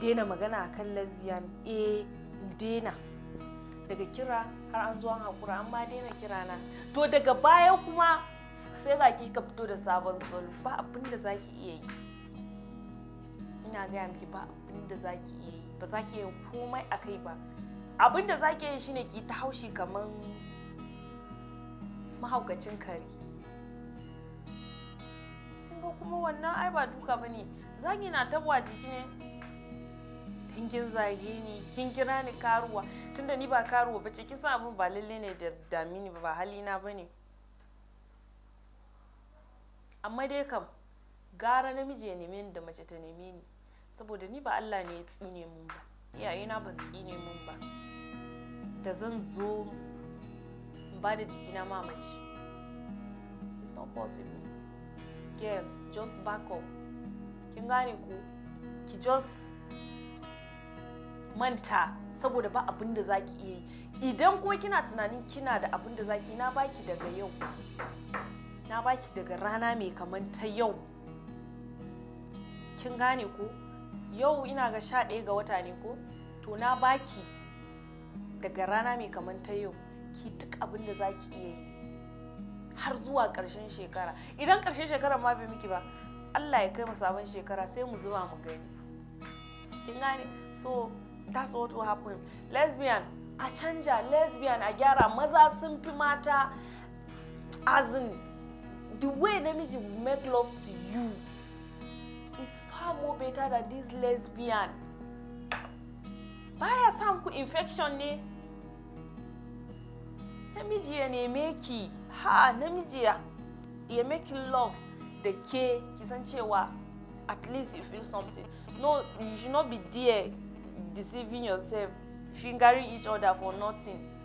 daina magana a kan lesbian a eh, daina daga kira har an zuwa haƙura an ma daina kira na to daga baya kuma sai ga ki ka fito da sabon solo ba abin da za ki iya yi ina gaya miki ba abin da za ki iya yi ba za ki yi komai a kai ba abin da za ki yi shine ki ta haushi kamar mahaukacin kare kuma wannan ai ba duka bane zagi na tabuwa jiki ne Kin kin zage ni kin kira ni karuwa tunda ni ba karuwa bace kin san abun ba lalle ne da dami ni ba hali na bane amma dai kam gara namiji ya neme ni da mace ta neme ni saboda ni ba Allah ne ya tsine mun ba iyayena ba tsine mun ba da zan zo ba da jikina ma mace it's not possible girl just back up kin gane ko ki just manta saboda ba abin da zaki iya yi idan ko kina tunanin kina da abin da zaki na baki daga yau na baki daga rana mai kamar ta yau kin gane ko yau ina ga sha ɗaya ga wata ne ko to na baki daga rana mai kamar ta yau ki duk abin da zaki iya yi har zuwa ƙarshen shekara idan ƙarshen shekara ma bai miki ba Allah ya kai mu sabon shekara sai mu zuba mu gani kin gane so that's what will happen lesbian a canja lesbian a gyara maza sun fi mata as in the way namiji make love to you is far more better than this lesbian baya samun ku infection ne namiji ya neme ki ha namiji ya make love da ke kisan cewa at least you feel something no you should not be there deceiving yourself fingering each other for nothing